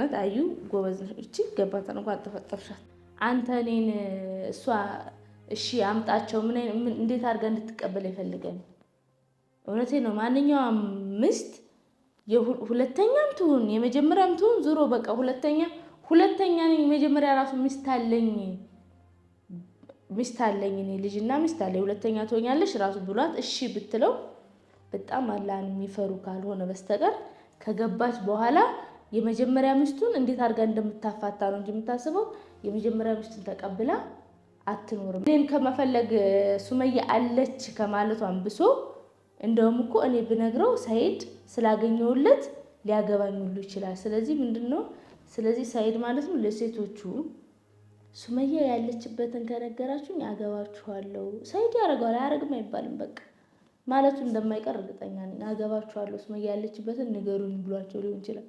እውነት አዩ ጎበዝ ነሽ። እቺ ገባት እንኳን ተፈጠርሻት። አንተ እኔን እሷ እሺ አምጣቸው ምን እንዴት አድርጋ እንድትቀበል ይፈልገን። እውነቴ ነው። ማንኛውም ምስት ሁለተኛም ትሁን የመጀመሪያም ትሁን ዞሮ በቃ ሁለተኛ ሁለተኛ ነኝ። የመጀመሪያ ራሱ ሚስት አለኝ ሚስት አለኝ እኔ ልጅና ሚስት አለኝ ሁለተኛ ትሆኛለሽ ራሱ ብሏት እሺ ብትለው በጣም አላን የሚፈሩ ካልሆነ በስተቀር ከገባች በኋላ የመጀመሪያ ሚስቱን እንዴት አድርጋ እንደምታፋታ ነው እንጂ የምታስበው የመጀመሪያ ሚስቱን ተቀብላ አትኖርም። እኔን ከመፈለግ ሱመያ አለች ከማለቱ አንብሶ እንደውም እኮ እኔ ብነግረው ሰይድ ስላገኘውለት ሊያገባኝ ሁሉ ይችላል። ስለዚህ ምንድን ነው ስለዚህ ሰይድ ማለት ነው ለሴቶቹ ሱመያ ያለችበትን ከነገራችሁ አገባችኋለሁ። ሰይድ ያደርገዋል አያደርግም አይባልም። በቃ ማለቱ እንደማይቀር እርግጠኛ ነኝ። አገባችኋለሁ ሱመያ ያለችበትን ንገሩን ብሏቸው ሊሆን ይችላል።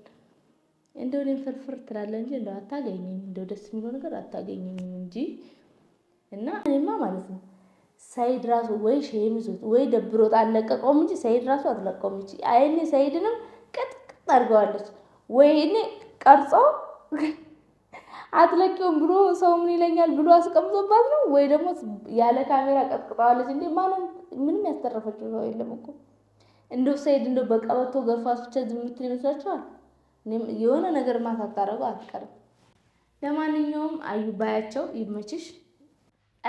እንደው እኔም ፍርፍር ትላለ እንጂ እንደው አታገኘኝም፣ እንደው ደስ የሚለው ነገር አታገኘኝም እንጂ እና እኔማ ማለት ነው ሰይድ ራሱ ወይ ሼም ይዞት ወይ ደብሮት አልለቀቀውም እንጂ ሰይድ ራሱ አትለቀውም እንጂ አይኔ ሰይድንም ቅጥቅጥ አድርገዋለች። ወይ እኔ ቀርጾ አትለቂውም ብሎ ሰው ምን ይለኛል ብሎ አስቀምጦባት ነው፣ ወይ ደግሞ ያለ ካሜራ ቀጥቅጠዋለች። እንዴ ማለም ምንም ያስተረፈችው ሰው የለም እኮ እንደው ሰይድ እንደው በቀበቶ ገርፋ ብቻ ዝም የምትል ይመስላችኋል? የሆነ ነገር ማታታረጉ አትቀርም። ለማንኛውም አዩ ባያቸው ይመችሽ።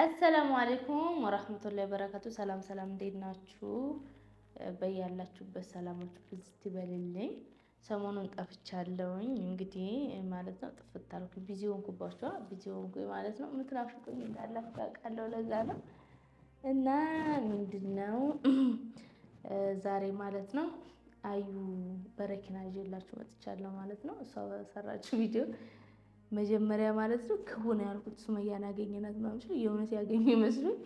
አሰላሙ አሌይኩም ወራህመቱላሂ በረከቱ። ሰላም ሰላም፣ እንዴት ናችሁ? በያላችሁበት ሰላማችሁ ብዝት ትበልልኝ። ሰሞኑን ጠፍቻለሁኝ እንግዲህ ማለት ነው። ጥፍት አልኩ፣ ቢዚ ሆንኩባችኋ፣ ቢዚ ሆንኩ ማለት ነው። ምትናፍቁኝ እንዳላችሁ አውቃለሁ፣ ለዛ ነው እና ምንድን ነው ዛሬ ማለት ነው አዩ በረኪና ይዤላችሁ መጥቻለሁ ማለት ነው። እሷ በሰራችው ቪዲዮ መጀመሪያ ማለት ነው ክቡን ያልኩት ሱመያን ያገኘናት ማለት ነው። የእውነት ያገኙ ይመስሉኝ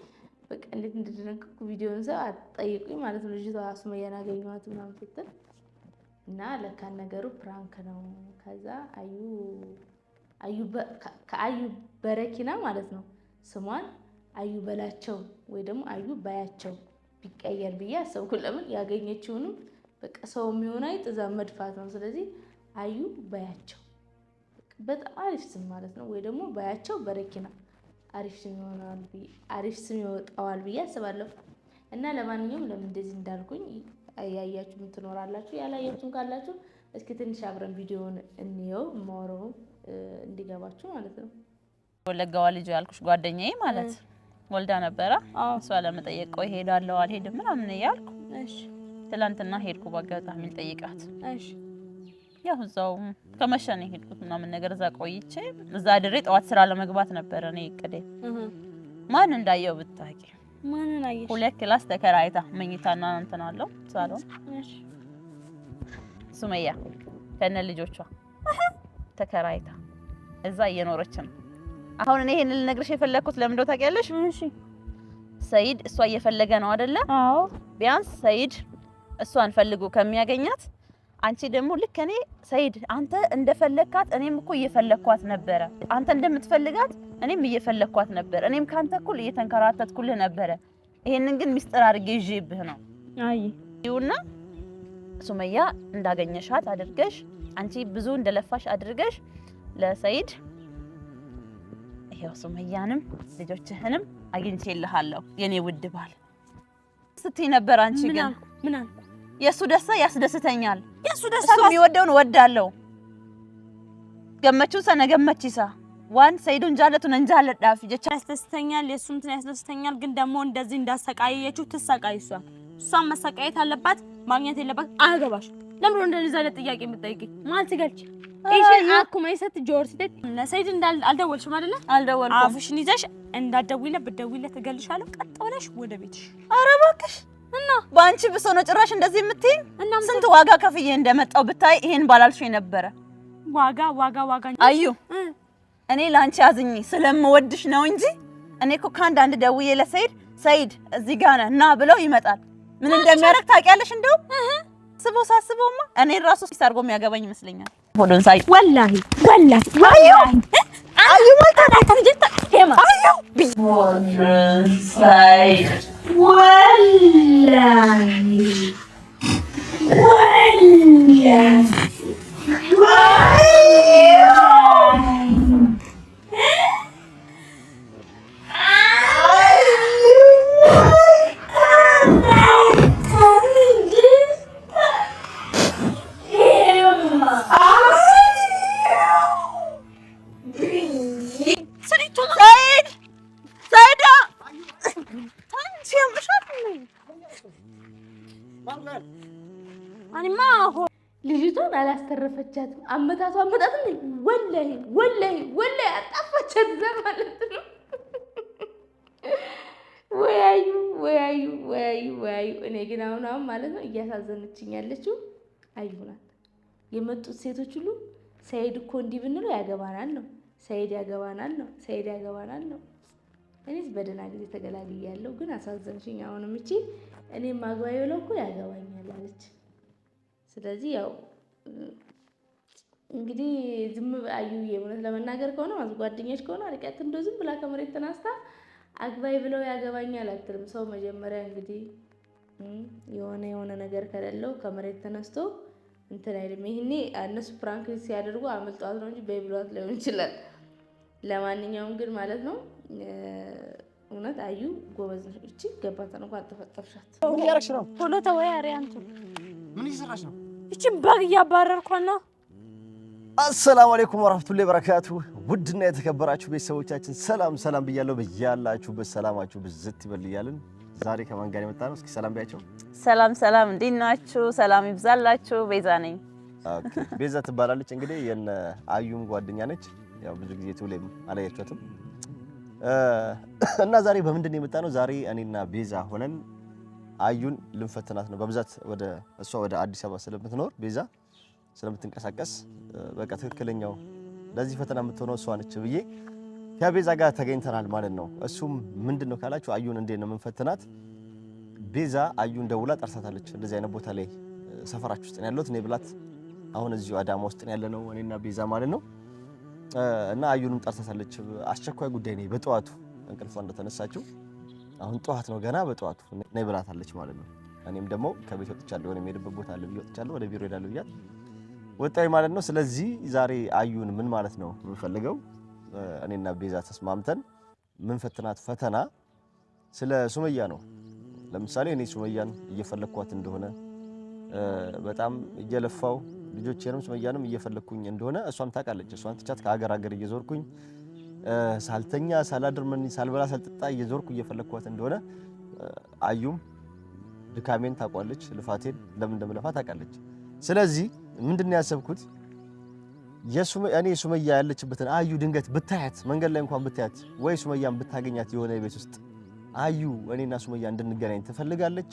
በቃ እንዴት እንደደነገኩ ቪዲዮን ሰው አትጠይቁኝ ማለት ነው። ልጅቷ ሱመያን ያገኘኋት ምናምን ስትል እና ለካን ነገሩ ፕራንክ ነው። ከዛ አዩ አዩ ከአዩ በረኪና ማለት ነው ስሟን አዩ በላቸው ወይ ደግሞ አዩ ባያቸው ቢቀየር ብዬ አሰብኩ። ለምን ያገኘችውንም በቃ ሰው የሚሆን አይጥ እዛ መድፋት ነው። ስለዚህ አዩ ባያቸው በጣም አሪፍ ስም ማለት ነው። ወይ ደግሞ ባያቸው በረኪና አሪፍ ስም ይሆናል፣ አሪፍ ስም ይወጣዋል ብዬ አስባለሁ። እና ለማንኛውም ለምን እንደዚህ እንዳልኩኝ ያያችሁ ትኖራላችሁ፣ ያላያችሁም ካላችሁ እስኪ ትንሽ አብረን ቪዲዮውን እንየው፣ የማወራውን እንዲገባችሁ ማለት ነው። ወለጋዋ ልጅ ያልኩሽ ጓደኛዬ ማለት ወልዳ ነበረ። እሷ ለመጠየቀው ቆይ ሄዳለሁ አልሄድም ምናምን እያልኩ እሺ ትላንትና ሄድኩ በአጋጣሚ ልጠይቃት። እሺ ያው እዛው ከመሸ ነው የሄድኩት ምናምን ነገር እዛ ቆይቼ እዛ ድሬ ጠዋት ስራ ለመግባት ነበረ እኔ እቅዴ። ማን እንዳየው ብታውቂ። ማንን አየሽ? ሁለት ክላስ ተከራይታ መኝታና እንትን አለው ሳሎን። እሺ ሱመያ ከነ ልጆቿ ተከራይታ እዛ እየኖረች ነው አሁን። እኔ ይሄን ልነግርሽ የፈለግኩት ለምን እንደው ታውቂያለሽ? እሺ ሰይድ እሷ እየፈለገ ነው አይደለ? አዎ ቢያንስ ሰይድ እሷን ፈልጎ ከሚያገኛት አንቺ ደግሞ ልክ እኔ ሰይድ አንተ እንደፈለግካት እኔም እኮ እየፈለግኳት ነበረ። አንተ እንደምትፈልጋት እኔም እየፈለግኳት ነበረ። እኔም ከአንተ እኩል እየተንከራተትኩልህ ነበረ። ይሄንን ግን ሚስጥር አድርጌ ይዤብህ ነው። አይ ይሁና ሱመያ እንዳገኘሻት አድርገሽ አንቺ ብዙ እንደለፋሽ አድርገሽ ለሰይድ ይሄው ሱመያንም ልጆችህንም አግኝቼልሃለሁ የኔ ውድ ባል ስትይ ነበር። አንቺ ግን ምን የእሱ ደስታ ያስደስተኛል። የእሱ ደስታ የሚወደውን ወዳለው ገመቹሳ ነገመቺሳ ዋን ሰይዱን ጃለቱን እንጃለ ዳፊ ጀቻ ያስደስተኛል። የእሱ እንትን ያስደስተኛል። ግን ደግሞ እንደዚህ እንዳሰቃየችው ትሰቃይ እሷ እሷን መሰቃየት አለባት ማግኘት የለባት አገባሽ። ለምን እንደዚህ ዘለ ጥያቄ የምትጠይቂ ማለት ገልጭ እሺ አኩማ ይሰጥ ጆርስ ደት ሰይድ እንዳል አልደወልሽም አይደለ? አልደወልኩም። አፍሽን ይዘሽ እንዳትደውይለት ብትደውይለት እገልሻለሁ። ቀጥ ብለሽ ወደ ቤትሽ። ኧረ እባክሽ እና በአንቺ ብሶ ነው ጭራሽ እንደዚህ የምትይኝ? ስንት ዋጋ ከፍዬ እንደመጣው ብታይ ይሄን ባላልሽ ነበረ። ዋጋ ዋጋ ዋጋ አዩ፣ እኔ ለአንቺ አዝኜ ስለምወድሽ ነው እንጂ እኔ እኮ አንድ ደውዬ ለሰይድ ሰይድ እዚህ ጋር ነህ ና ብለው ይመጣል። ምን እንደሚያደርግ ታውቂያለሽ? እንደውም ስቦ ሳስቦማ እኔ ራሱ ሲሳርጎ የሚያገባኝ ይመስለኛል። ሆዶን ሳይ ወላሂ ወላሂ അയ്യോ അയ്യോ One side. Wallahi. Wallahi. Wallahi. አጠፋቻት። አመታት አመጣት ወላሂ ወላሂ ወላሂ አጠፋቻት ዘር ማለት ነው። ወያዩ ወያዩ ወያዩ ወያዩ። እኔ ግን አሁን አሁን ማለት ነው እያሳዘነችኝ ያለችው የመጡት ሴቶች ሁሉ ሰይድ እኮ እንዲህ ብንለው ያገባናል ነው፣ ሰይድ ያገባናል ነው፣ ሰይድ ያገባናል ነው። እኔስ በደህና ጊዜ ተገላግያለሁ፣ ግን አሳዘንሽኝ። አሁንም እቺ እኔ ማግባ የለው እኮ ያገባኛል አለች። ስለዚህ ያው እንግዲህ ዝም አዩ እውነት ለመናገር ከሆነ ማለት ጓደኞች ከሆነ አርቂያት እንደው ዝም ብላ ከመሬት ተናስታ አግባይ ብለው ያገባኛል አትልም። ሰው መጀመሪያ እንግዲህ የሆነ የሆነ ነገር ከሌለው ከመሬት ተነስቶ እንትን አይልም። ይህኔ እነሱ ፕራንክ ሲያደርጉ አመልጧት ነው እንጂ በይብሏት ሊሆን ይችላል። ለማንኛውም ግን ማለት ነው እውነት አዩ ጎበዝ ነው። እቺ ገባታን እንኳን አልተፈጠርሻት። ምን እያደረግሽ ነው? ቶሎ ተወያሪ። አንቱ ምን እየሰራሽ ነው? እቺን በግ እያባረርኳት አሰላሙ አሌይኩም ወራህመቱላሂ በረካቱ ውድና የተከበራችሁ ቤተሰቦቻችን ሰላም ሰላም ብያለሁ። በያላችሁበት ሰላማችሁ ብዝት ይበል እያልን ዛሬ ከማን ጋር የመጣ ነው? እስኪ ሰላም ቢያቸው። ሰላም ሰላም፣ እንዴት ናችሁ? ሰላም ይብዛላችሁ። ቤዛ ነኝ። ኦኬ፣ ቤዛ ትባላለች። እንግዲህ የነ አዩም ጓደኛ ነች። ያው ብዙ ጊዜ ትውልም አላያችሁትም እና ዛሬ በምንድን ነው የመጣ ነው? ዛሬ እኔና ቤዛ ሆነን አዩን ልንፈትናት ነው። በብዛት ወደ እሷ ወደ አዲስ አበባ ስለምትኖር ቤዛ ስለምትንቀሳቀስ በቃ ትክክለኛው ለዚህ ፈተና የምትሆነው እሷ ነች ብዬ ከቤዛ ጋር ተገኝተናል ማለት ነው። እሱም ምንድን ነው ካላችሁ አዩን እንዴት ነው የምንፈትናት? ቤዛ አዩን ደውላ ጠርሳታለች። እንደዚህ አይነት ቦታ ላይ ሰፈራችሁ ውስጥ ነው ያለሁት እኔ ብላት፣ አሁን እዚሁ አዳማ ውስጥ ያለ ነው እኔና ቤዛ ማለት ነው። እና አዩንም ጠርሳታለች። አስቸኳይ ጉዳይ ነው በጠዋቱ እንቅልፏ እንደተነሳችው አሁን ጠዋት ነው ገና በጠዋቱ ነይ ብላታለች ማለት ነው። እኔም ደግሞ ከቤት ወጥቻለሁ የሆነ የምሄድበት ቦታ አለ ብዬ ወጥቻለሁ፣ ወደ ቢሮ ሄዳለሁ ብያት ወጣዊ ማለት ነው። ስለዚህ ዛሬ አዩን ምን ማለት ነው የምንፈልገው እኔና ቤዛ ተስማምተን ምን ፈትናት ፈተና ስለ ሱመያ ነው። ለምሳሌ እኔ ሱመያን እየፈለግኳት እንደሆነ በጣም እየለፋው ልጆቼንም ሱመያንም እየፈለግኩኝ እንደሆነ እሷም ታውቃለች። እሷን ትቻት ከሀገር ሀገር እየዞርኩኝ ሳልተኛ ሳላድር ምን ሳልበላ ሳልጠጣ እየዞርኩ እየፈለግኳት እንደሆነ አዩም ድካሜን ታውቋለች፣ ልፋቴን ለምን እንደምለፋ ታውቃለች። ስለዚህ ምንድን ነው ያሰብኩት እኔ ሱመያ ያለችበትን አዩ ድንገት ብታያት መንገድ ላይ እንኳን ብታያት ወይ ሱመያን ብታገኛት የሆነ ቤት ውስጥ አዩ እኔና ሱመያ እንድንገናኝ ትፈልጋለች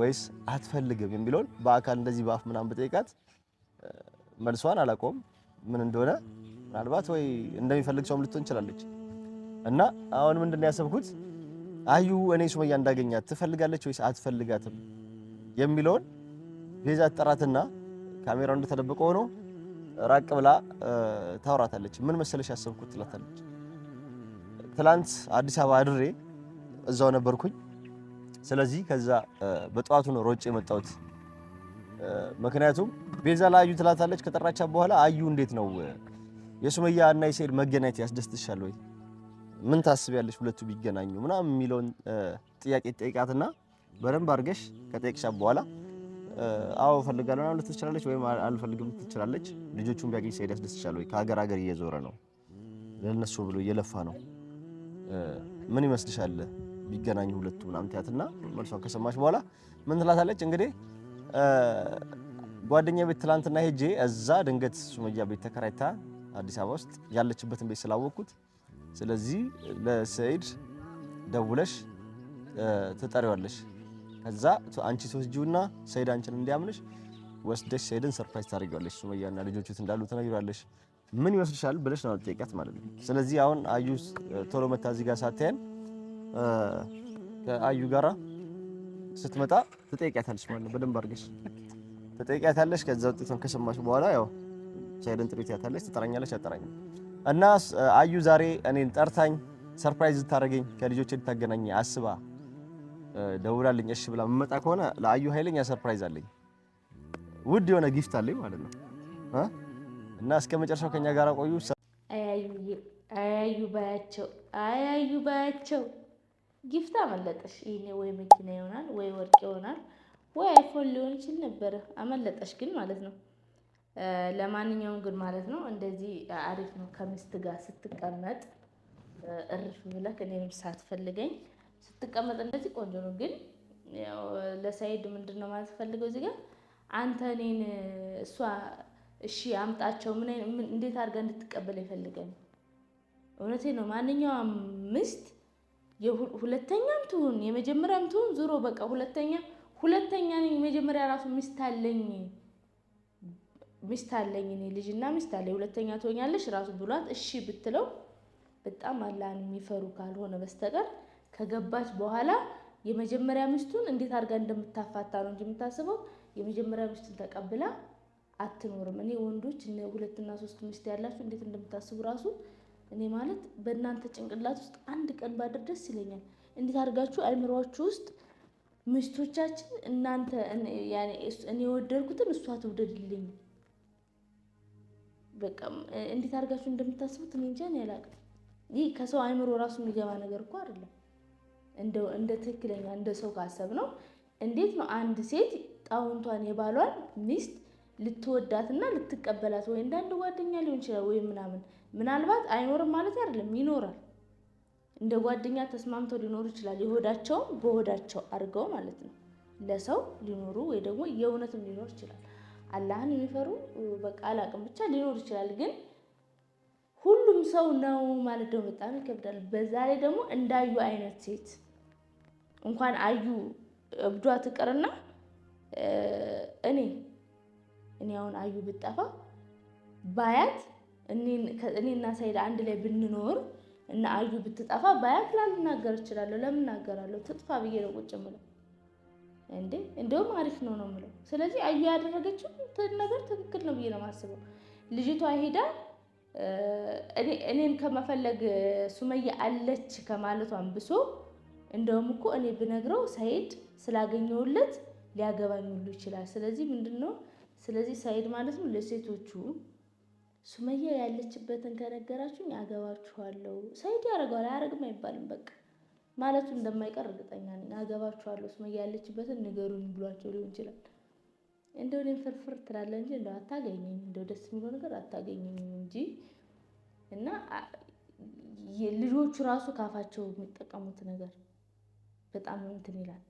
ወይስ አትፈልግም የሚለውን በአካል እንደዚህ በአፍ ምናምን ብጠይቃት መልሷን አላውቀውም ምን እንደሆነ ምናልባት ወይ እንደሚፈልግ ሰውም ልትሆን ትችላለች። እና አሁን ምንድን ነው ያሰብኩት አዩ እኔ ሱመያ እንዳገኛት ትፈልጋለች ወይስ አትፈልጋትም የሚለውን ቤዛ ጠራትና ካሜራው እንደተደበቀ ሆኖ ራቅ ብላ ታወራታለች። ምን መሰለሽ ያሰብኩት ትላታለች። ትላንት አዲስ አበባ አድሬ እዛው ነበርኩኝ። ስለዚህ ከዛ በጠዋቱ ነው ሮጬ የመጣሁት። ምክንያቱም ቤዛ ለአዩ ትላታለች ከጠራቻ በኋላ አዩ እንዴት ነው የሱመያ እና የሰኢድ መገናኘት ያስደስትሻል ወይ? ምን ታስቢያለሽ? ሁለቱ ቢገናኙ ምናምን የሚለውን ጥያቄ ጠይቃትና በደንብ አድርገሽ ከጠየቅሻ በኋላ አዎ እፈልጋለሁ ምናምን ልትል ትችላለች፣ ወይም አልፈልግም ልትል ትችላለች። ልጆቹን ቢያገኝ ሲሄድ ያስደስቻል ወይ? ከሀገር ሀገር እየዞረ ነው፣ ለነሱ ብሎ እየለፋ ነው። ምን ይመስልሻል ቢገናኙ ሁለቱ ምናምን ትያትና መልሷን ከሰማች በኋላ ምን ትላታለች እንግዲህ ጓደኛ ቤት ትላንትና ሄጄ እዛ ድንገት ሱመያ ቤት ተከራይታ አዲስ አበባ ውስጥ ያለችበትን ቤት ስላወቅኩት፣ ስለዚህ ለሰይድ ደውለሽ ትጠሪዋለሽ ከዛ አንቺ ትወስጂውና ሰይድ አንቺን እንዲያምንሽ ወስደሽ ሰይድን ሰርፕራይዝ ታደርጊዋለሽ። ሱመያና ልጆቹ እንዳሉ ትነግሪዋለሽ። ምን ይወስድሻል ብለሽ ነው ጠይቂያት ማለት ነው። ስለዚህ አሁን አዩ ቶሎ መታ እዚህ ጋር ሳታየን ከአዩ ጋራ ስትመጣ ትጠይቂያታለሽ ማለት ነው። በደንብ አድርገሽ ትጠይቂያታለሽ። ከዛ ውጤቱን ከሰማሽ በኋላ ያው ሰይድን ጥሪት ያታለሽ፣ ትጠራኛለሽ፣ አጠራኝ እና አዩ ዛሬ እኔን ጠርታኝ ሰርፕራይዝ ልታደርገኝ ከልጆቼ ልታገናኘኝ አስባ ደውላልኝ እሺ ብላ መመጣ ከሆነ ለአዩ ኃይለኛ ሰርፕራይዝ አለኝ። ውድ የሆነ ጊፍት አለኝ ማለት ነው እና እስከ መጨረሻው ከኛ ጋር ቆዩ። አያዩ ባያቸው። ጊፍት አመለጠሽ። ይሄኔ ወይ መኪና ይሆናል ወይ ወርቅ ይሆናል ወይ አይፎን ሊሆን ይችል ነበረ። አመለጠሽ ግን ማለት ነው። ለማንኛውም ግን ማለት ነው እንደዚህ አሪፍ ነው። ከሚስት ጋር ስትቀመጥ እርፍ ብለህ እኔንም ሳትፈልገኝ ስትቀመጥ እንደዚህ ቆንጆ ነው። ግን ያው ለሳይድ ምንድን ነው ማለት ፈልገው እዚህ ጋር አንተ እኔን እሷ እሺ አምጣቸው ምን እንዴት አድርጋ እንድትቀበል ይፈልጋል። እውነቴ ነው። ማንኛውም ሚስት ሁለተኛም ትሁን የመጀመሪያም ትሁን ዞሮ በቃ ሁለተኛ ሁለተኛ ነኝ የመጀመሪያ ራሱ ሚስት አለኝ ሚስት አለኝ እኔ ልጅና ሚስት አለኝ ሁለተኛ ትሆኛለሽ ራሱ ብሏት እሺ ብትለው በጣም አላን የሚፈሩ ካልሆነ በስተቀር ከገባች በኋላ የመጀመሪያ ሚስቱን እንዴት አድርጋ እንደምታፋታ ነው እንጂ የምታስበው የመጀመሪያ ሚስቱን ተቀብላ አትኖርም። እኔ ወንዶች ሁለትና ሶስት ሚስት ያላችሁ እንዴት እንደምታስቡ ራሱ እኔ ማለት በእናንተ ጭንቅላት ውስጥ አንድ ቀን ባድር ደስ ይለኛል። እንዴት አድርጋችሁ አይምሯችሁ ውስጥ ሚስቶቻችን እናንተ እኔ የወደድኩትን እሷ ትውደድልኝ፣ በቃ እንዴት አድርጋችሁ እንደምታስቡት እኔ እንጃ ይህ ከሰው አይምሮ ራሱ የሚገባ ነገር እኮ አይደለም። እንደ ትክክለኛ እንደ ሰው ካሰብ ነው እንዴት ነው አንድ ሴት ጣውንቷን የባሏን ሚስት ልትወዳትና ልትቀበላት ወይ እንዳንድ ጓደኛ ሊሆን ይችላል ወይም ምናምን ምናልባት አይኖርም ማለት አይደለም፣ ይኖራል። እንደ ጓደኛ ተስማምተው ሊኖሩ ይችላል። የሆዳቸውም በሆዳቸው አድርገው ማለት ነው ለሰው ሊኖሩ ወይ ደግሞ የእውነትም ሊኖር ይችላል። አላህን የሚፈሩ በቃ አላቅም ብቻ ሊኖር ይችላል። ግን ሁሉም ሰው ነው ማለት ደግሞ በጣም ይከብዳል። በዛ ላይ ደግሞ እንዳዩ አይነት ሴት እንኳን አዩ እብዷ ትቅርና እኔ እኔ አሁን አዩ ብጠፋ ባያት እኔና ሰይድ አንድ ላይ ብንኖር እና አዩ ብትጠፋ ባያት ላልናገር እችላለሁ። ለምናገራለሁ ትጥፋ ብዬ ነው ቁጭ ምለው እንዴ እንደውም አሪፍ ነው ነው ምለው። ስለዚህ አዩ ያደረገችው ነገር ትክክል ነው ብዬ ነው የማስበው። ልጅቷ ሄዳ እኔን ከመፈለግ ሱመያ አለች ከማለቷን ብሶ እንደውም እኮ እኔ ብነግረው ሳይድ ስላገኘውለት ሊያገባኝ ሁሉ ይችላል። ስለዚህ ምንድን ነው ስለዚህ ሳይድ ማለት ነው ለሴቶቹ ሱመያ ያለችበትን ከነገራችሁኝ አገባችኋለሁ። ሰኢድ ያደርገዋል አያደርግም አይባልም። በቃ ማለቱ እንደማይቀር እርግጠኛ ነኝ። አገባችኋለሁ ሱመያ ያለችበትን ንገሩኝ ብሏቸው ሊሆን ይችላል። እንደው እኔም ፍርፍር ትላለህ እንጂ እንደው አታገኘኝ እንደው ደስ የሚለው ነገር አታገኘኝ እንጂ እና ልጆቹ ራሱ ካፋቸው የሚጠቀሙት ነገር በጣም እንትን ይላል።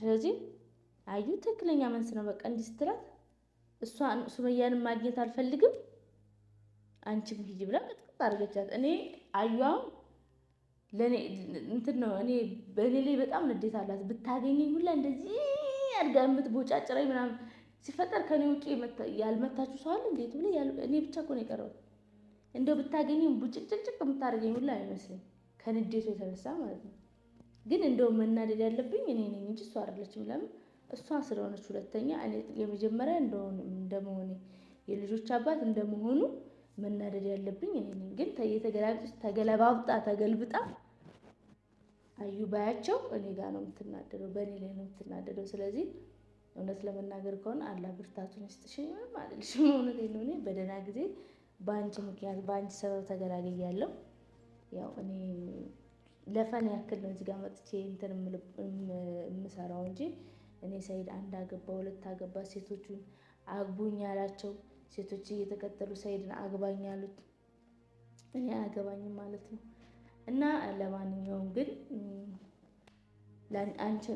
ስለዚህ አዩ ትክክለኛ መንስ ነው። በቃ እንዲህ ስትላት እሷ ሱመያንም ማግኘት አልፈልግም አንቺም ሂጂ ብላ ቅጥቅጥ አድርገቻት። እኔ አዩዋም ለእኔ እንትን ነው እኔ በእኔ ላይ በጣም ንዴት አላት። ብታገኘኝ ሁላ እንደዚህ አድጋ የምትቦጫጭረኝ ምናምን ሲፈጠር ከኔ ውጭ ያልመታችሁ ሰው አለ እንዴት ብላ እኔ ብቻ እኮ ነው የቀረሁት። እንደው ብታገኘኝ ቡጭቅጭቅጭቅ የምታደርገኝ ሁላ አይመስለኝ ከንዴቱ የተነሳ ማለት ነው። ግን እንደውም መናደድ ያለብኝ እኔ ነኝ እንጂ እሷ አይደለችም። ለምን እሷ ስለሆነች፣ ሁለተኛ የመጀመሪያ እንደመሆኔ የልጆች አባት እንደመሆኑ መናደድ ያለብኝ እኔ ነኝ። ግን ተገለባብጣ ተገልብጣ አዩ ባያቸው እኔ ጋር ነው የምትናደደው፣ በእኔ ላይ ነው የምትናደደው። ስለዚህ እውነት ለመናገር ከሆነ አላ ብርታቱን ይስጥሽ። ምንም አልልሽም። ነው። እኔ በደህና ጊዜ በአንቺ ምክንያት በአንቺ ሰበብ ተገላግያለሁ። ያው እኔ ለፈን ያክል ነው እዚህ መጥቼ እንትን የምሰራው እንጂ እኔ ሰይድ አንድ አገባ ሁለት አገባ ሴቶቹን አግቡኝ ያላቸው ሴቶች እየተከተሉ ሰኢድን አግባኝ ያሉት እኔ አያገባኝም ማለት ነው። እና ለማንኛውም ግን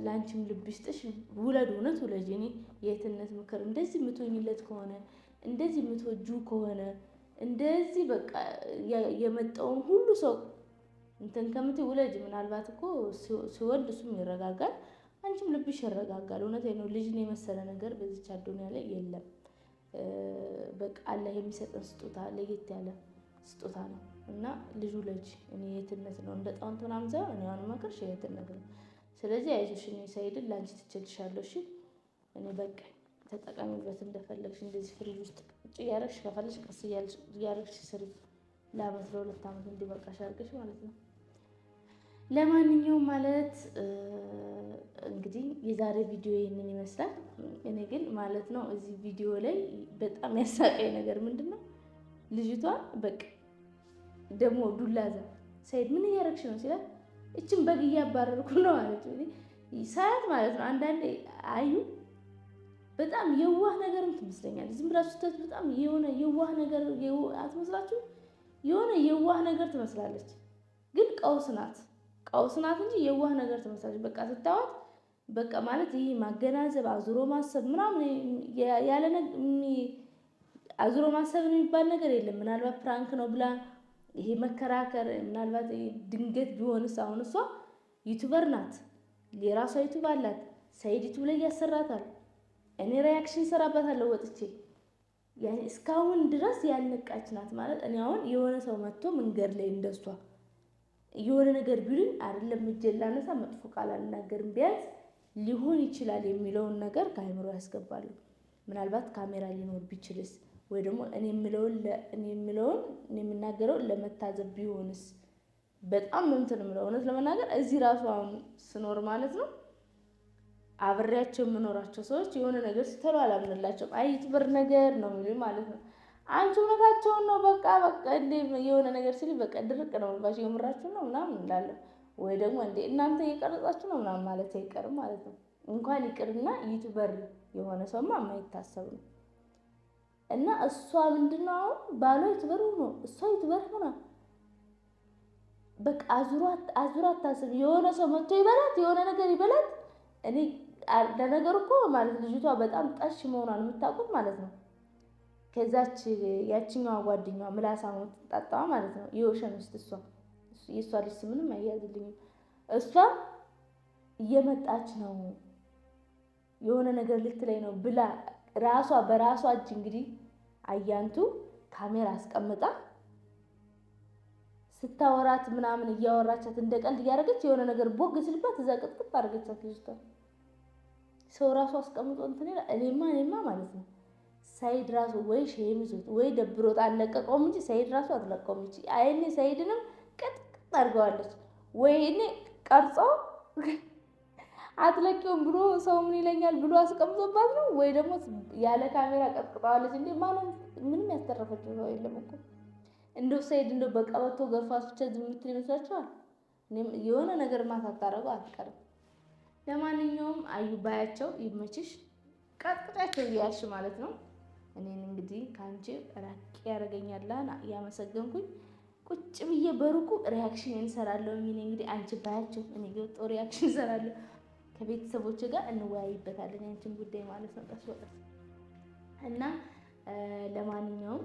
ለአንቺም ልብ ይስጥሽ፣ ውለድ፣ እውነት ውለጅ። እኔ የትነት ምክር እንደዚህ የምትሆኝለት ከሆነ እንደዚህ የምትወጁ ከሆነ እንደዚህ በቃ የመጣውን ሁሉ ሰው እንትን ከምት ውለጅ ምናልባት እኮ ሲወልድ እሱም ይረጋጋል፣ አንቺም ልብሽ ይረጋጋል። እውነት ነው። ልጅን የመሰለ ነገር በዚች አዱኒያ ላይ የለም። በቃ አላህ የሚሰጠን ስጦታ ለየት ያለ ስጦታ ነው እና ልጁ ልጅ እኔ የትነት ነው እንደ ጣውንት ምናምን ሳይሆን እኔ አሁን መቅርሽ የትነት ነው። ስለዚህ አይዞሽ፣ እኔ ሳይድን ለአንቺ ትችልሻለሽ። እኔ በቃ ተጠቃሚበት እንደፈለግሽ እንደዚህ ፍሪጅ ውስጥ ቁጭ እያደረግሽ ከፈለግሽ ቀስ እያደረግሽ ስሪ። ለአመት ለሁለት አመት እንዲበቃሽ አድርገሽ ማለት ነው። ለማንኛውም ማለት እንግዲህ የዛሬ ቪዲዮ ይህንን ይመስላል። እኔ ግን ማለት ነው እዚህ ቪዲዮ ላይ በጣም ያሳቀኝ ነገር ምንድን ነው? ልጅቷ በቃ ደግሞ ዱላ ዘ ሰይድ ምን እያደረግሽ ነው ሲላት እችን በግ እያባረርኩ ነው ማለት ሰዓት ማለት ነው አንዳንዴ አዩ በጣም የዋህ ነገርም ትመስለኛል ዝም ብላችሁ ስታት በጣም የሆነ የዋህ ነገር አትመስላችሁ? የሆነ የዋህ ነገር ትመስላለች፣ ግን ቀውስ ናት። ቀውስ ናት እንጂ የዋህ ነገር ትመስላለች። በቃ ስታዋት በቃ ማለት ይህ ማገናዘብ፣ አዙሮ ማሰብ ምናምን ያለ አዙሮ ማሰብ የሚባል ነገር የለም። ምናልባት ፕራንክ ነው ብላ ይሄ መከራከር ምናልባት ድንገት ቢሆንስ? አሁን እሷ ዩቱበር ናት፣ የራሷ ዩቱብ አላት። ሳይድ ዩቱብ ላይ ያሰራታል እኔ ሪያክሽን ሰራባታለሁ ወጥቼ ያኔ እስካሁን ድረስ ያልነቃች ናት ማለት እኔ አሁን የሆነ ሰው መጥቶ መንገድ ላይ እንደሷ የሆነ ነገር ቢሉኝ አይደለም እጄን ላነሳ መጥፎ ቃል አልናገርም። ቢያንስ ሊሆን ይችላል የሚለውን ነገር ከአይምሮ ያስገባሉ። ምናልባት ካሜራ ሊኖር ቢችልስ ወይ ደግሞ እኔ የምለውን እኔ የምለውን እኔ የምናገረውን ለመታዘብ ቢሆንስ በጣም ምንትን የምለው እውነት ለመናገር እዚህ ራሱ አሁን ስኖር ማለት ነው አብሬያቸው የምኖራቸው ሰዎች የሆነ ነገር ሲተሉ አላምንላቸውም። አይት ብር ነገር ነው የሚሉኝ ማለት ነው። አንቺ እውነታቸውን ነው በቃ በቃ የሆነ ነገር ሲል በቃ ድርቅ ነው ባሽ የምራችሁ ነው ምናምን እንላለን። ወይ ደግሞ እንደ እናንተ እየቀረጻችሁ ነው ምናምን ማለት አይቀርም ማለት ነው። እንኳን ይቅርና ይጭበር የሆነ ሰውማ የማይታሰብ ነው። እና እሷ ምንድነው አሁን ባሏ ይትበር ሆኖ እሷ ይትበር ሆና በቃ አዙራ አታስብ። የሆነ ሰው መጥቶ ይበላት፣ የሆነ ነገር ይበላት እኔ ለነገሩ እኮ ማለት ልጅቷ በጣም ጠሽ መሆኗን የምታውቁት ማለት ነው። ከዛች ያችኛዋ ጓደኛዋ ምላሳ የምትጣጣዋ ማለት ነው የወሸን ውስጥ እሷ የእሷ ልጅ ስምንም አያዝልኝም። እሷ እየመጣች ነው የሆነ ነገር ልትለኝ ነው ብላ ራሷ በራሷ እጅ እንግዲህ አያንቱ ካሜራ አስቀምጣ ስታወራት ምናምን እያወራቻት እንደ ቀልድ እያደረገች የሆነ ነገር ቦግ ስልባት እዛ ቅጥቅጥ አደረገቻት ልጅቷ። ሰው ራሱ አስቀምጦ እንትን ይላል። እኔማ እኔማ ማለት ነው ሰይድ ራሱ ወይ ሼም ይዞት ወይ ደብሮት አለቀቀውም እንጂ ሰይድ ራሱ አትለቀውም እንጂ አይኔ ሰይድንም ቅጥቅጥ አድርገዋለች። ወይ እኔ ቀርጾ አትለቂውም ብሎ ሰው ምን ይለኛል ብሎ አስቀምጦባት ነው፣ ወይ ደግሞ ያለ ካሜራ ቀጥቅጠዋለች። እንዴ ማለት ምንም ያስተረፈችው ሰው የለም እኮ እንደው ሰይድ እንደው በቀበቶ ገርፋ ብቻ ዝም የምትል ይመስላችኋል? የሆነ ነገር ማሳታረጉ አትቀርም። ለማንኛውም አዩ ባያቸው ይመችሽ፣ ቀጥቅጫቸው እያልሽ ማለት ነው። እኔን እንግዲህ ከአንቺ ራቅ ያደርገኛል። ያመሰገንኩኝ ቁጭ ብዬ በሩቁ ሪያክሽን እንሰራለሁ። እኔ እንግዲህ አንቺ ባያቸው እኔ ገብጦ ሪያክሽን እንሰራለሁ። ከቤተሰቦች ጋር እንወያይበታለን ያንቺን ጉዳይ ማለት ነው ቀስ በቀስ እና ለማንኛውም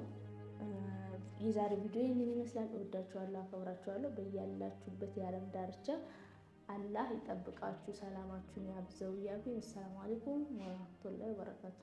የዛሬ ቪዲዮ ይህንን ይመስላል። እወዳችኋለሁ፣ አከብራችኋለሁ። በያላችሁበት የዓለም ዳርቻ አላህ ይጠብቃችሁ፣ ሰላማችሁን ያብዘው እያሉ አሰላሙ አለይኩም ወራህመቱላሂ ወበረካቱ።